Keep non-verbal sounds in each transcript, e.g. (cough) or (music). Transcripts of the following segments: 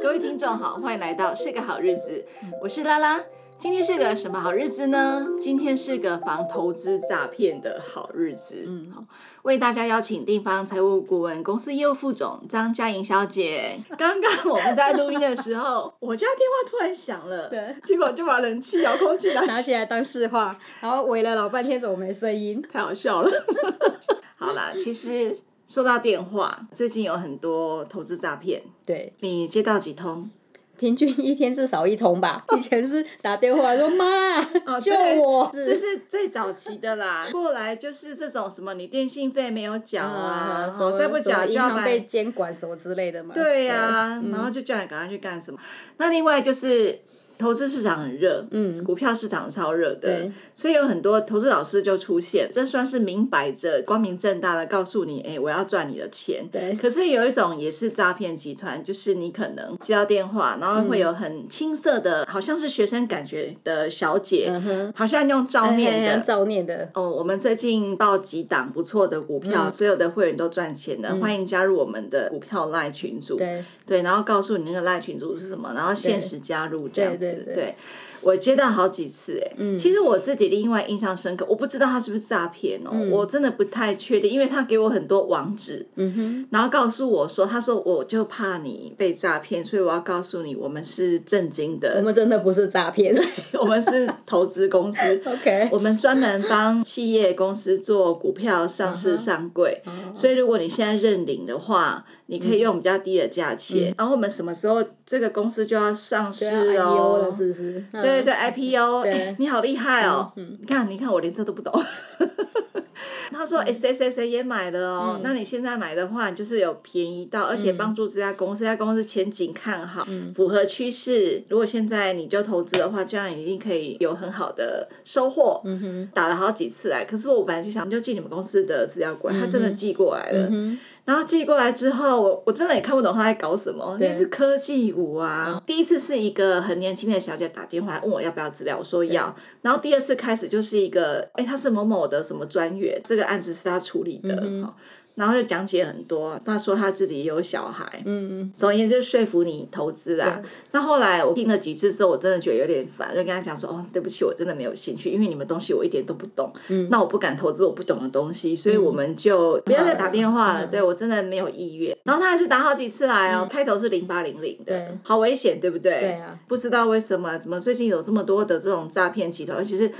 各位聽眾好，歡迎來到是個好日子，我是拉拉。今天是個什麼好日子呢？今天是個防投資詐騙的好日子。嗯，好，為大家邀請地方財務顧問公司業務副總張佳瑩小姐。剛剛我們在錄音的時候， (laughs) 我家電話突然響了，對，結果就把冷氣遙控器拿，拿起來當電話，然後喂了老半天，怎麼沒聲音？太好笑了。 (laughs) (laughs) 好啦，其實。說到電話，最近有很多投資詐騙。對，你接到幾通？平均一天至少一通吧。以前是打電話說 (laughs) 媽，哦，救我，這、就是最早期的啦。過來就是這種什麼，你電信費沒有繳啊，啊所再不繳就要被監管什麼之類的嘛。對呀，然後就叫你趕快去幹什麼。那另外就是。投資市場很熱，嗯，股票市場超熱的，對，所以有很多投資老師就出現，這算是明擺着、光明正大的告訴你，哎，我要賺你的錢，對。可是有一種也是詐騙集團，就是你可能接到電話，然後會有很青澀的，好像是學生感覺的小姐，好像用照念的、照念的。哦，我們最近報幾檔不錯的股票，所有的會員都賺錢的，歡迎加入我們的股票賴群組，對對，然後告訴你那個賴群組是什麼，然後限時加入這樣子。對，對，對，對。我接到好幾次哎、欸，嗯、其實我自己另外印象深刻，我不知道他是不是詐騙哦，嗯、我真的不太確定，因為他給我很多網址，嗯、哼然後告訴我說，他說我就怕你被詐騙，所以我要告訴你，我們是正經的，我們真的不是詐騙， (laughs) 我們是投資公司， (laughs) Okay. 我們專門幫企業公司做股票上市上櫃，uh huh. uh huh. 所以如果你現在認領的話，你可以用比較低的價錢、嗯嗯，然後我們什麼時候這個公司就要上市哦，啊、了是不是？ (laughs) 對對，IPO，對、欸、你好厲害哦！嗯嗯、你看，你看，我連這都不懂。 (laughs) 他說：“ S S S A 也買了哦，嗯、那你現在買的話，你就是有便宜到，而且幫助這家公司，嗯、在公司前景看好，嗯、符合趨勢。如果現在你就投資的話，這樣一定可以有很好的收穫。嗯”打了好幾次來，可是我本來就想就寄你們公司的資料過來，嗯、他真的寄過來了。嗯然後寄過來之後，我我真的也看不懂他在搞什麼，因為是對科技股啊。哦、第一次是一個很年輕的小姐打電話來問我要不要資料，我說要。對然後第二次開始就是一個，哎，他是某某的什麼專員，這個案子是他處理的。嗯嗯然後就講解很多，他說他自己也有小孩，嗯嗯，總而言之是說服你投資啦、啊。那對後來我聽了幾次之後，我真的覺得有點煩，就跟他講說：“哦，對不起，我真的沒有興趣，因為你們東西我一點都不懂，嗯，那我不敢投資我不懂的東西，所以我們就不要再打電話了。嗯、對我真的沒有意願。”然後他還是打好幾次來哦，嗯、開頭是零八零零的，對，好危險，對不對？對啊，不知道為什麼，怎麼最近有這麼多的這種詐騙集團，其實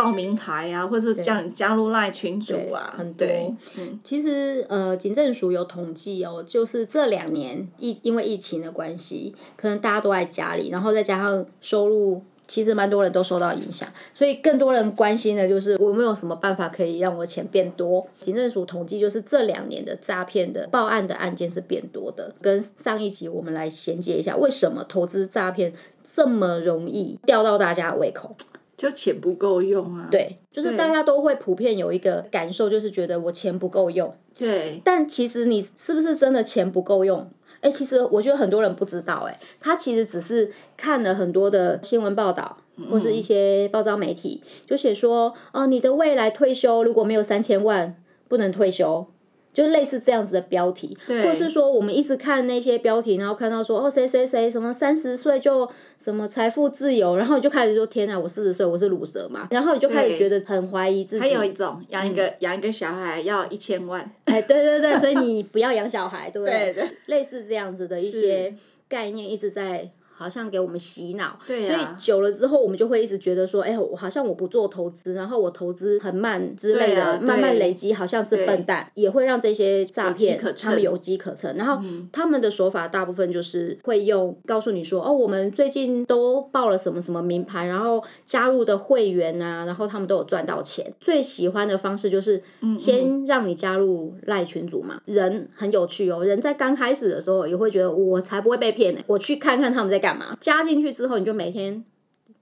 報名台啊，或者是加加入賴群組啊，很多。對嗯，其實呃，警政署有統計哦，就是這兩年疫因為疫情的關係，可能大家都在家裡，然後再加上收入，其實蠻多人都受到影響，所以更多人關心的就是我有沒有什麼辦法可以讓我錢變多。警政署統計就是這兩年的詐騙的報案的案件是變多的。跟上一集我們來銜接一下，為什麼投資詐騙這麼容易吊到大家的胃口？就錢不夠用啊！對，就是大家都會普遍有一個感受，就是覺得我錢不夠用。對，但其實你是不是真的錢不夠用？哎、欸，其實我覺得很多人不知道、欸，哎，他其實只是看了很多的新聞報道，或是一些報章媒體、嗯、就寫說，哦、啊，你的未來退休如果沒有三千萬，不能退休。就類似這樣子的標題，對或是說我們一直看那些標題，然後看到說哦，誰誰誰什麼三十歲就什麼財富自由，然後你就開始說，天吶，我四十歲我是魯蛇嘛，然後你就開始覺得很懷疑自己。還有一種養一個養、嗯、一個小孩要一千萬，哎、欸，對對對，所以你不要養小孩，對 (laughs) 對，類似這樣子的一些是概念一直在。好像給我們洗腦，對啊、所以久了之後，我們就會一直覺得說，哎、欸，我好像我不做投資，然後我投資很慢之類的，啊、慢慢累積，好像是笨蛋，也會讓這些詐騙他們有機可乘。然後他們的手法大部分就是會用告訴你說，嗯、哦，我們最近都報了什麼什麼名牌，然後加入的會員啊，然後他們都有賺到錢。最喜歡的方式就是先讓你加入賴群組嘛，嗯嗯，人很有趣哦，人在剛開始的時候也會覺得，我才不會被騙呢，我去看看他們在幹嘛。加進去之後，你就每天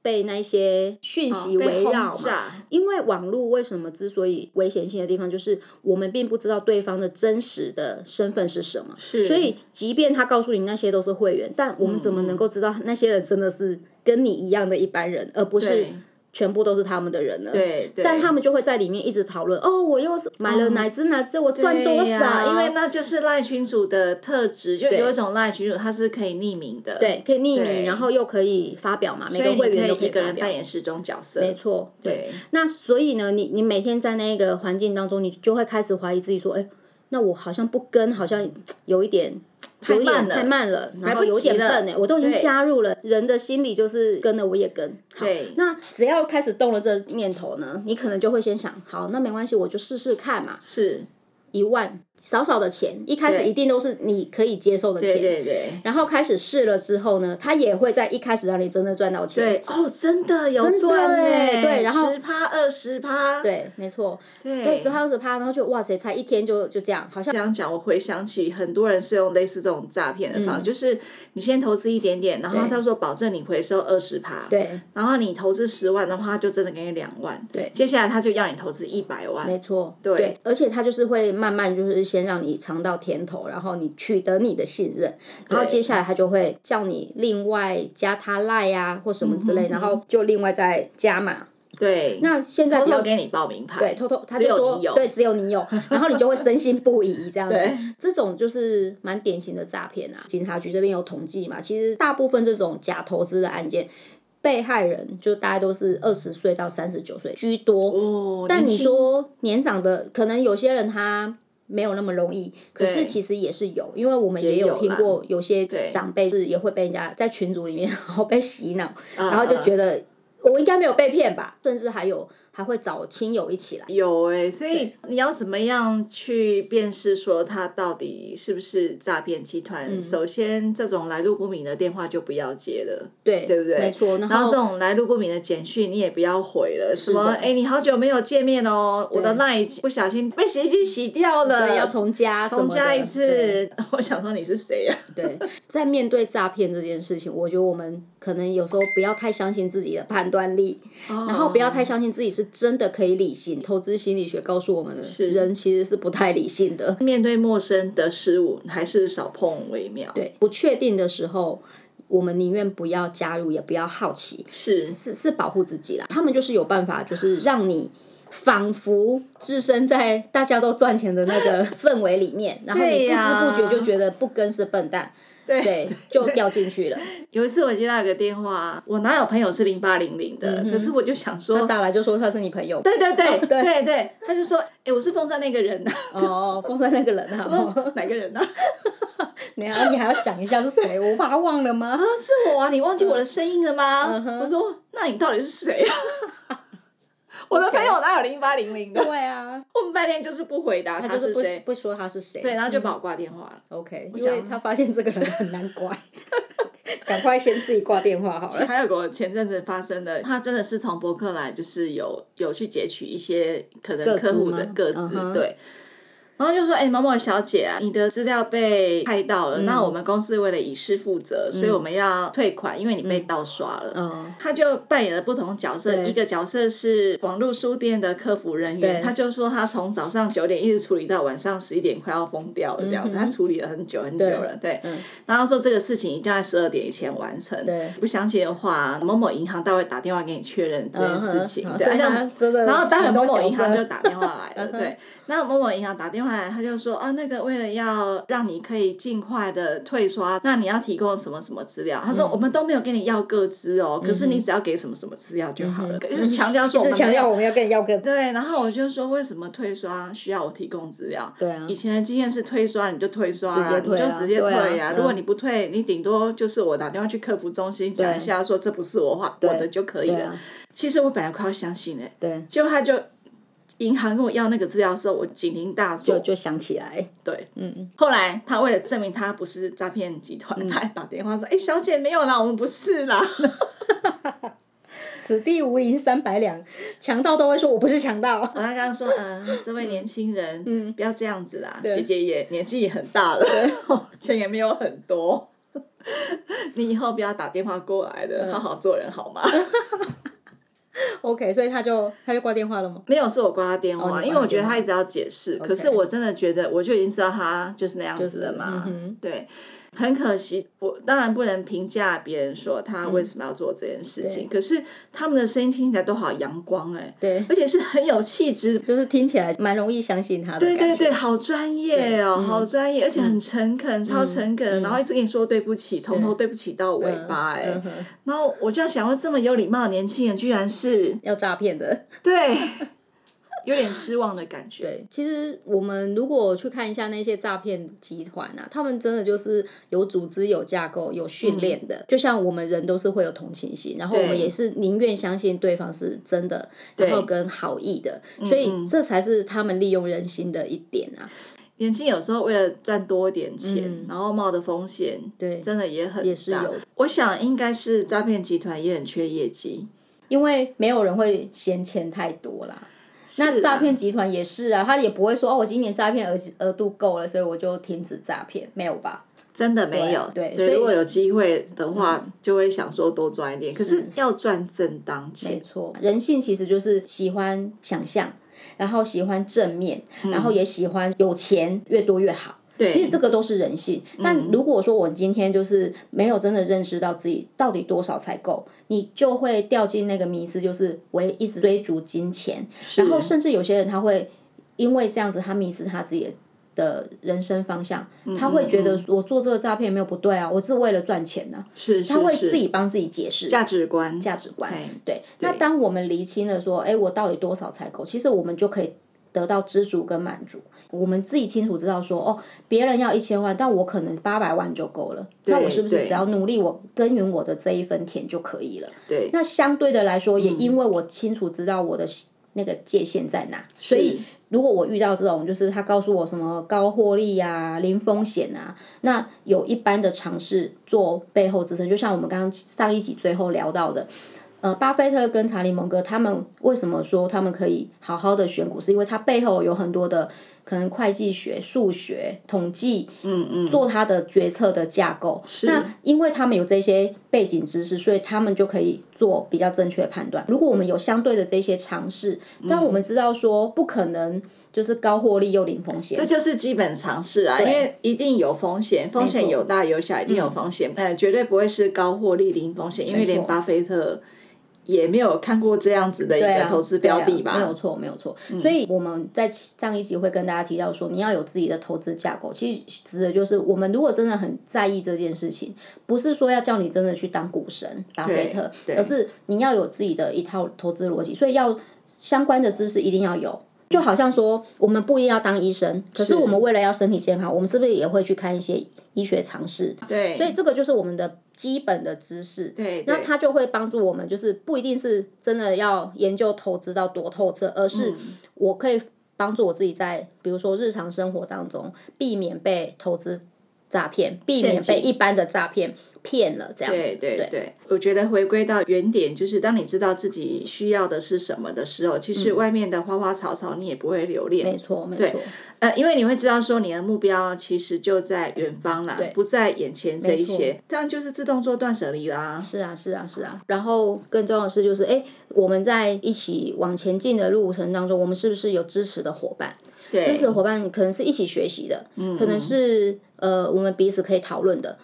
被那些訊息圍繞、哦、嘛。因為網絡為什麼之所以危險性的地方，就是我們並不知道對方的真實的身份是什麼。是，所以即便他告訴你那些都是會員，但我們怎麼能夠知道那些人真的是跟你一樣的一般人，而不是？全部都是他們的人了，對，對但他們就會在裡面一直討論。對哦，我又是買了哪只、嗯、哪只，我賺多少、啊？因為那就是賴群組的特質，對就有一種賴群組，他是可以匿名的，對，可以匿名，對然後又可以發表嘛，每個會員都可以一個人扮演十種角色，沒錯，對。對那所以呢，你你每天在那個環境當中，你就會開始懷疑自己說，哎、欸。那我好像不跟，好像有一點太慢了，太慢了，然後有點笨呢。我都已經加入了，對人的心理就是跟了，我也跟。對，好，那只要開始動了這念頭呢，你可能就會先想，好，那沒關係，我就試試看嘛。是，一萬。少少的錢，一開始一定都是你可以接受的錢，對對對，對。然後開始試了之後呢，他也會在一開始讓你真正賺到錢。對哦，真的有賺嘞、欸，對，然後十趴二十趴，對，沒錯，對，十趴二十趴，然後就哇塞，才一天就就這樣，好像這樣講，我回想起很多人是用類似這種詐騙的方式，嗯、就是你先投資一點點，然後他說保證你回收二十趴，對，然後你投資十萬的話，就真的給你兩萬，對，接下來他就要你投資一百萬，沒錯，對，對，而且他就是會慢慢就是。先讓你嘗到甜頭，然後你取得你的信任，然後接下來他就會叫你另外加他賴呀或什麼之類，然後就另外再加嘛。對，那現在偷偷給你報名牌，對，偷偷他就說，對，只有你有，然後你就會深信不疑這樣子。這種就是蠻典型的詐騙啊。警察局這邊有統計嘛，其實大部分這種假投資的案件，被害人就大概都是二十歲到三十九歲居多哦。但你說年長的，可能有些人他。沒有那麼容易，可是其實也是有，對因為我們也有聽過有些長輩是也會被人家在群組裡面然後被洗腦，嗯、然後就覺得我應該沒有被騙吧，甚至還有。還會找親友一起來。有哎、欸，所以你要怎麼樣去辨識說他到底是不是詐騙集團？嗯、首先，這種來路不明的電話就不要接了，對，對不對？沒錯。然後，然後這種來路不明的簡訊你也不要回了。的什麼？哎、欸，你好久沒有見面哦、喔，對我的 LINE 不小心被洗衣機洗掉了，所以要重加重加一次。對我想說你是誰呀？對，在面對詐騙這件事情，我覺得我們可能有時候不要太相信自己的判斷力，哦、然後不要太相信自己是。是真的可以理性？投資心理學告訴我們的是，人其實是不太理性的。面對陌生的事物，還是少碰為妙。對，不確定的時候，我們寧願不要加入，也不要好奇，是是是，是是保護自己啦。他們就是有辦法，就是讓你。 (laughs) 仿佛置身在大家都賺錢的那個氛圍裡面，然後你不知不覺就覺得不跟是笨蛋， (laughs) 對，對，就掉進去了。有一次我接到一個電話，我哪有朋友是零八零零的？嗯嗯可是我就想說，打來，就說他是你朋友，對對對、哦、對，對，對對，他就說，哎、欸，我是風扇那個人吶、啊，哦，風扇那個人好、啊， (laughs) 哪個人呢、啊？然 (laughs) 你還要想一下是誰，我怕忘了嗎？他說是我啊，你忘記我的聲音了嗎？哦、我說，那你到底是誰呀、啊？我的朋友哪有零八零零的？對啊 Okay，我們半天就是不回答他是誰，就是不，不說他是誰，對，然後就把我掛電話了。嗯、OK，想因為他發現這個人很難怪。 (laughs) 趕快先自己掛電話好了。還有個前陣子發生的，他真的是從博客來，就是有有去截取一些可能客戶的個資，對。Uh huh. 然後就說：“哎，某某小姐，你的資料被拍到了。那我們公司為了以示負責，所以我們要退款，因為你被盜刷了。”嗯，他就扮演了不同角色，一個角色是網絡書店的客服人員，他就說他從早上九點一直處理到晚上十一點，快要瘋掉了這樣，他處理了很久很久了。對，然後說這個事情一定要在十二點以前完成。對，不相信的話，某某銀行待會打電話給你確認這件事情。對。然後待會某某銀行就打電話來了。對，那某某銀行打電話。哎，他就說啊，那個為了要讓你可以盡快的退刷，那你要提供什麼什麼資料？他說我們都沒有跟你要個資哦，可是你只要給什麼什麼資料就好了。一直強調說我們要，我們要跟你要個資料，對，然後我就說為什麼退刷需要我提供資料？對啊，以前的經驗是退刷你就退刷，你就直接退呀。如果你不退，你頂多就是我打電話去客服中心講一下，說這不是我畫我的就可以了。其實我本來快要相信的，對，結果他就。銀行跟我要那個資料的時候，我，我警鈴大作就就想起來。對，嗯。後來他為了證明他不是詐騙集團，嗯、他還打電話說：“哎、欸，小姐沒有啦，我們不是啦。 (laughs) ”此地無銀三百兩，強盜都會說：“我不是強盜。”我剛剛說，嗯，這位年輕人，嗯，不要這樣子啦。對姐姐也年紀也很大了，錢對也沒有很多， (laughs) 你以後不要打電話過來的，嗯、好好做人好嗎？ (laughs) OK，所以他就他就掛電話了嗎？沒有，是我掛他電話，因為我覺得他一直要解釋。可是我真的覺得，我就已經知道他就是那樣子了嘛。對，很可惜，我當然不能評價別人說他為什麼要做這件事情。可是他們的聲音聽起來都好陽光哎，對，而且是很有氣質，就是聽起來蠻容易相信他的。對對對，好專業哦，好專業，而且很誠懇，超誠懇，然後一直跟你說對不起，從頭對不起到尾巴哎。然後我就要想問，這麼有禮貌的年輕人，居然是。是要詐騙的，對，有點失望的感覺。 (laughs) 對，其實我們如果去看一下那些詐騙集團啊，他們真的就是有組織、有架構、有訓練的。嗯、就像我們人都是會有同情心，對然後我們也是寧願相信對方是真的，然後跟好意的，對所以這才是他們利用人心的一點啊。年輕有時候為了賺多一點錢，嗯、然後冒的風險，對，真的也很也是有。我想應該是詐騙集團也很缺業績。因為沒有人會嫌錢太多啦，啊、那詐騙集團也是啊，他也不會說哦，我今年詐騙額額度夠了，所以我就停止詐騙，沒有吧？真的沒有，對，對，所以如果有機會的話，嗯、就會想說多賺一點，可是要賺正當錢。沒錯。人性其實就是喜歡想象，然後喜歡正面，然後也喜歡有錢，越多越好。對其實這個都是人性。但如果說我今天就是沒有真的認識到自己到底多少才夠，你就會掉進那個迷思，就是追，一直追逐金錢，是然後甚至有些人他會因為這樣子，他迷失他自己的人生方向。他會覺得，我做這個詐騙有沒有不對啊？我是為了賺錢呢、啊？是是是是，他會自己幫自己解釋價值觀，價值觀嘿對。對，那當我們釐清了說，哎，我到底多少才夠？其實我們就可以。得到知足跟滿足，我們自己清楚知道說，哦，別人要一千萬，但我可能八百萬就夠了。對那我是不是只要努力我，我對耕耘我的這一分田就可以了？對。那相對的來說，也因為我清楚知道我的那個界限在哪，嗯、所以是如果我遇到這種，就是他告訴我什麼高獲利呀、啊、零風險啊，那有一般的嘗試做背後支撐，就像我們剛剛上一集最後聊到的。呃，巴菲特跟查理蒙格他們為什麼說他們可以好好的選股？是因為他背後有很多的可能會計學、數學、統計，嗯嗯，嗯做他的決策的架構。是那因為他們有這些背景知識，所以他們就可以做比較正確的判斷。如果我們有相對的這些常識，嗯、但我們知道說不可能就是高獲利又零風險，嗯、這就是基本常識啊，對因為一定有風險，風險有大有小，錯一定有風險。哎、嗯，但絕對不會是高獲利零風險，因為連巴菲特。也沒有看過這樣子的一個投資標的吧？沒有錯，沒有錯。有嗯、所以我們在上一集會跟大家提到說，你要有自己的投資架構。其實指的就是，我們如果真的很在意這件事情，不是說要叫你真的去當股神巴菲特，對，對，而是你要有自己的一套投資邏輯。所以要相關的知識一定要有。就好像說，我們不一定要當醫生，可是我們為了要身體健康，是我們是不是也會去看一些醫學常識？對，所以這個就是我們的基本的知識。對，對，那它就會幫助我們，就是不一定是真的要研究投資到多透徹，而是我可以幫助我自己在，比如說日常生活當中，避免被投資詐騙，避免被一般的詐騙騙了這樣子，對對對，對我覺得回歸到原點，就是當你知道自己需要的是什麼的時候，嗯、其實外面的花花草草你也不會留戀，沒錯，沒錯，呃，因為你會知道說你的目標其實就在遠方啦對不在眼前這一些，這樣錯就是自動做斷舍離啦。是啊，是啊，是啊。然後更重要的是就是，哎、欸，我們在一起往前進的路程當中，我們是不是有支持的伙伴？對，支持的伙伴可能是一起學習的，嗯，可能是呃，我們彼此可以討論的。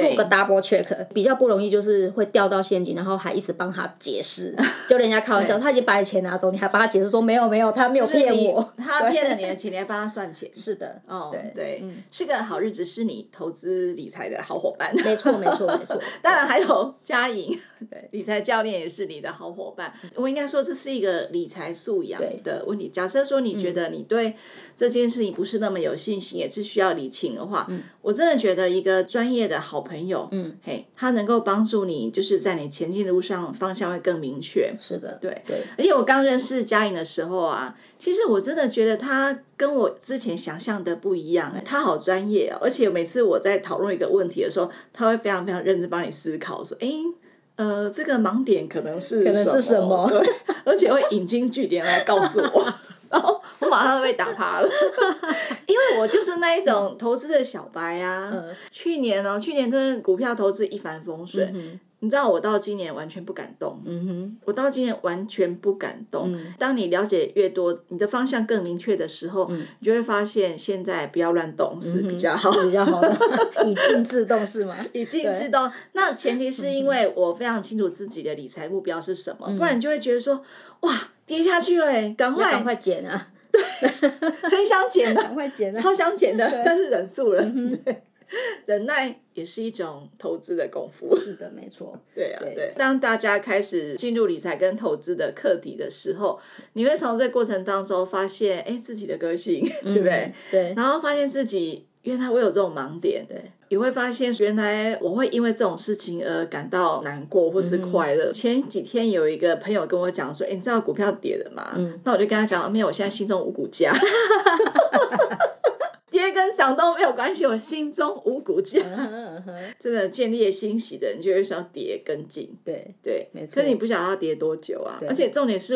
做個 double check，比較不容易，就是會掉到陷阱，然後還一直幫他解釋，就人家開玩笑，他已經把你錢拿走，你還幫他解釋說沒有沒有，他沒有騙我，他騙了你的錢，你還幫他算錢，是的，哦，對對，是個好日子，是你投資理財的好夥伴，沒錯沒錯沒錯，當然還有佳瑩，對，理財教練也是你的好夥伴，我應該說這是一個理財素養的問題。假設說你覺得你對這件事情不是那麼有信心，也是需要理清的話，我真的覺得一個專業的好朋友，嗯，嘿，他能夠幫助你，就是在你前進的路上方向會更明確。是的，對對。對而且我剛認識佳瑩的時候啊，其實我真的覺得他跟我之前想象的不一樣，對他好專業哦。而且每次我在討論一個問題的時候，他會非常非常認真幫你思考，說，哎、欸，呃，這個盲點可能是可能是什麼？對， (laughs) 而且會引經據典來告訴我。 (laughs) 馬上被打趴了，因為我就是那一種投資的小白啊。去年呢，去年真的股票投資一帆風順。你知道我到今年完全不敢動。嗯哼，我到今年完全不敢動。當你了解越多，你的方向更明確的時候，你就會發現，現在不要亂動是比較好，比較好的，以靜制動是嗎？以靜制動。那前提是因為我非常清楚自己的理財目標是什麼，不然你就會覺得說，哇，跌下去了，趕快趕快減啊。對，很想減，趕快減，超想減的，但是忍住了。對，忍耐也是一種投資的功夫。是的，沒錯。對啊，對。對。當大家開始進入理財跟投資的課題的時候，你會從這個過程當中發現，哎，自己的個性，對不對？嗯，對。然後發現自己，原來會有這種盲點，對。你會發現，原來我會因為這種事情而感到難過，或是快樂。嗯、前幾天有一個朋友跟我講說：“哎、欸，你知道股票跌了嗎？”嗯、那我就跟他講、啊：“沒有，我現在心中無股價， (laughs) 跌跟漲都沒有關係，我心中無股價。嗯”嗯、真的，建立欣喜的你就會想要跌跟進，對對，對沒錯可是你不曉得要跌多久啊？對而且重點是。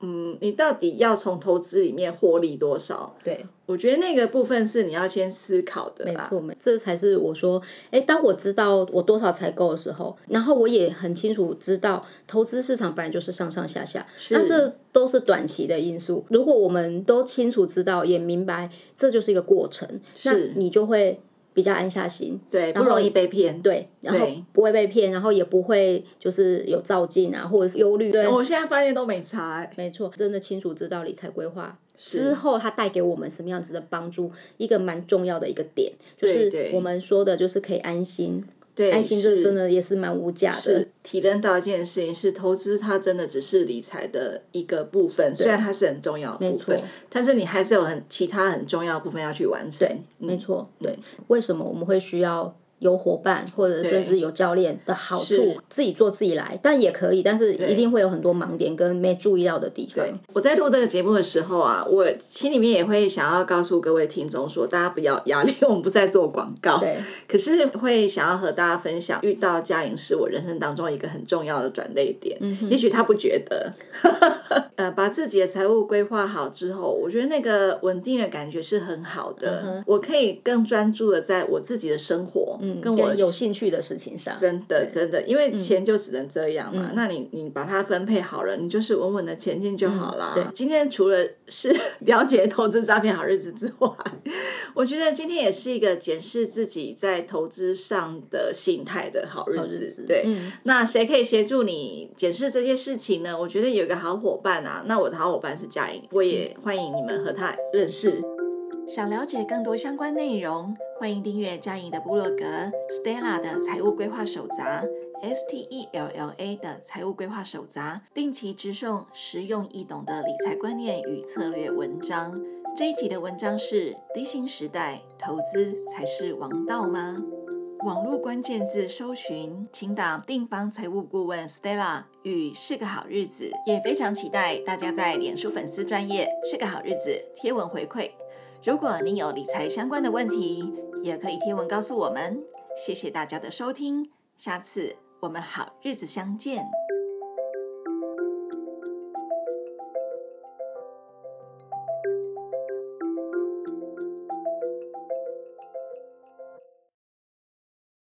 嗯，你到底要從投資裡面獲利多少？對，我覺得那個部分是你要先思考的沒，沒錯，這才是我說，誒。當我知道我多少才夠的時候，然後我也很清楚知道，投資市場本來就是上上下下，是那這都是短期的因素。如果我們都清楚知道，也明白這就是一個過程，是那你就會。比較安下心，對，不容易被騙，對，然後不會被騙，然後也不會就是有躁進啊，有或者是憂慮。對，我現在發現都沒差。欸，沒錯，真的清楚知道理財規劃之後，它帶給我們什麼樣子的幫助，一個蠻重要的一個點，就是我們說的，就是可以安心。對，愛情這真的也是蠻無價的。體認到一件事情是，投資它真的只是理財的一個部分。對雖然它是很重要的部分，錯但是你還是有很其他很重要的部分要去完成。對嗯、沒錯，嗯、對。為什麼我們會需要？有伙伴或者甚至有教練的好處，對自己做自己來，是但也可以，但是一定會有很多盲點跟沒注意到的地方。我在錄這個節目的時候啊，我心裡面也會想要告訴各位聽眾說，大家不要壓力，我們不在做廣告。對可是會想要和大家分享，遇到佳瑩是我人生當中一個很重要的轉捩點。嗯嗯，也許他不覺得， (laughs) 呃，把自己的財務規劃好之後，我覺得那個穩定的感覺是很好的。嗯、哼我可以更專注的在我自己的生活。跟我有興趣的事情上，的情上真的對真的，因為錢就只能這樣嘛。嗯、那你你把它分配好了，你就是穩穩的前進就好了。嗯、對，今天除了是了解投資詐騙好日子之外， (laughs) 我覺得今天也是一個檢視自己在投資上的心態的好日子。日子對，嗯、那誰可以協助你檢視這些事情呢？我覺得有個好夥伴啊。那我的好夥伴是佳瑩，我也歡迎你們和她認識。嗯、想了解更多相關內容，歡迎訂閱佳瑩的部落格 Stella 的財務規劃手札，S T E L L A 的財務規劃手札，定期直送實用易懂的理財觀念與策略文章。這一期的文章是：低薪時代，投資才是王道嗎？網絡關鍵字搜尋，請打定房財務顧問 Stella 與是個好日子，也非常期待大家在臉書粉絲專頁是個好日子貼文回饋。如果你有理財相關的問題，也可以貼文告訴我們。謝謝大家的收聽，下次我們好日子相見。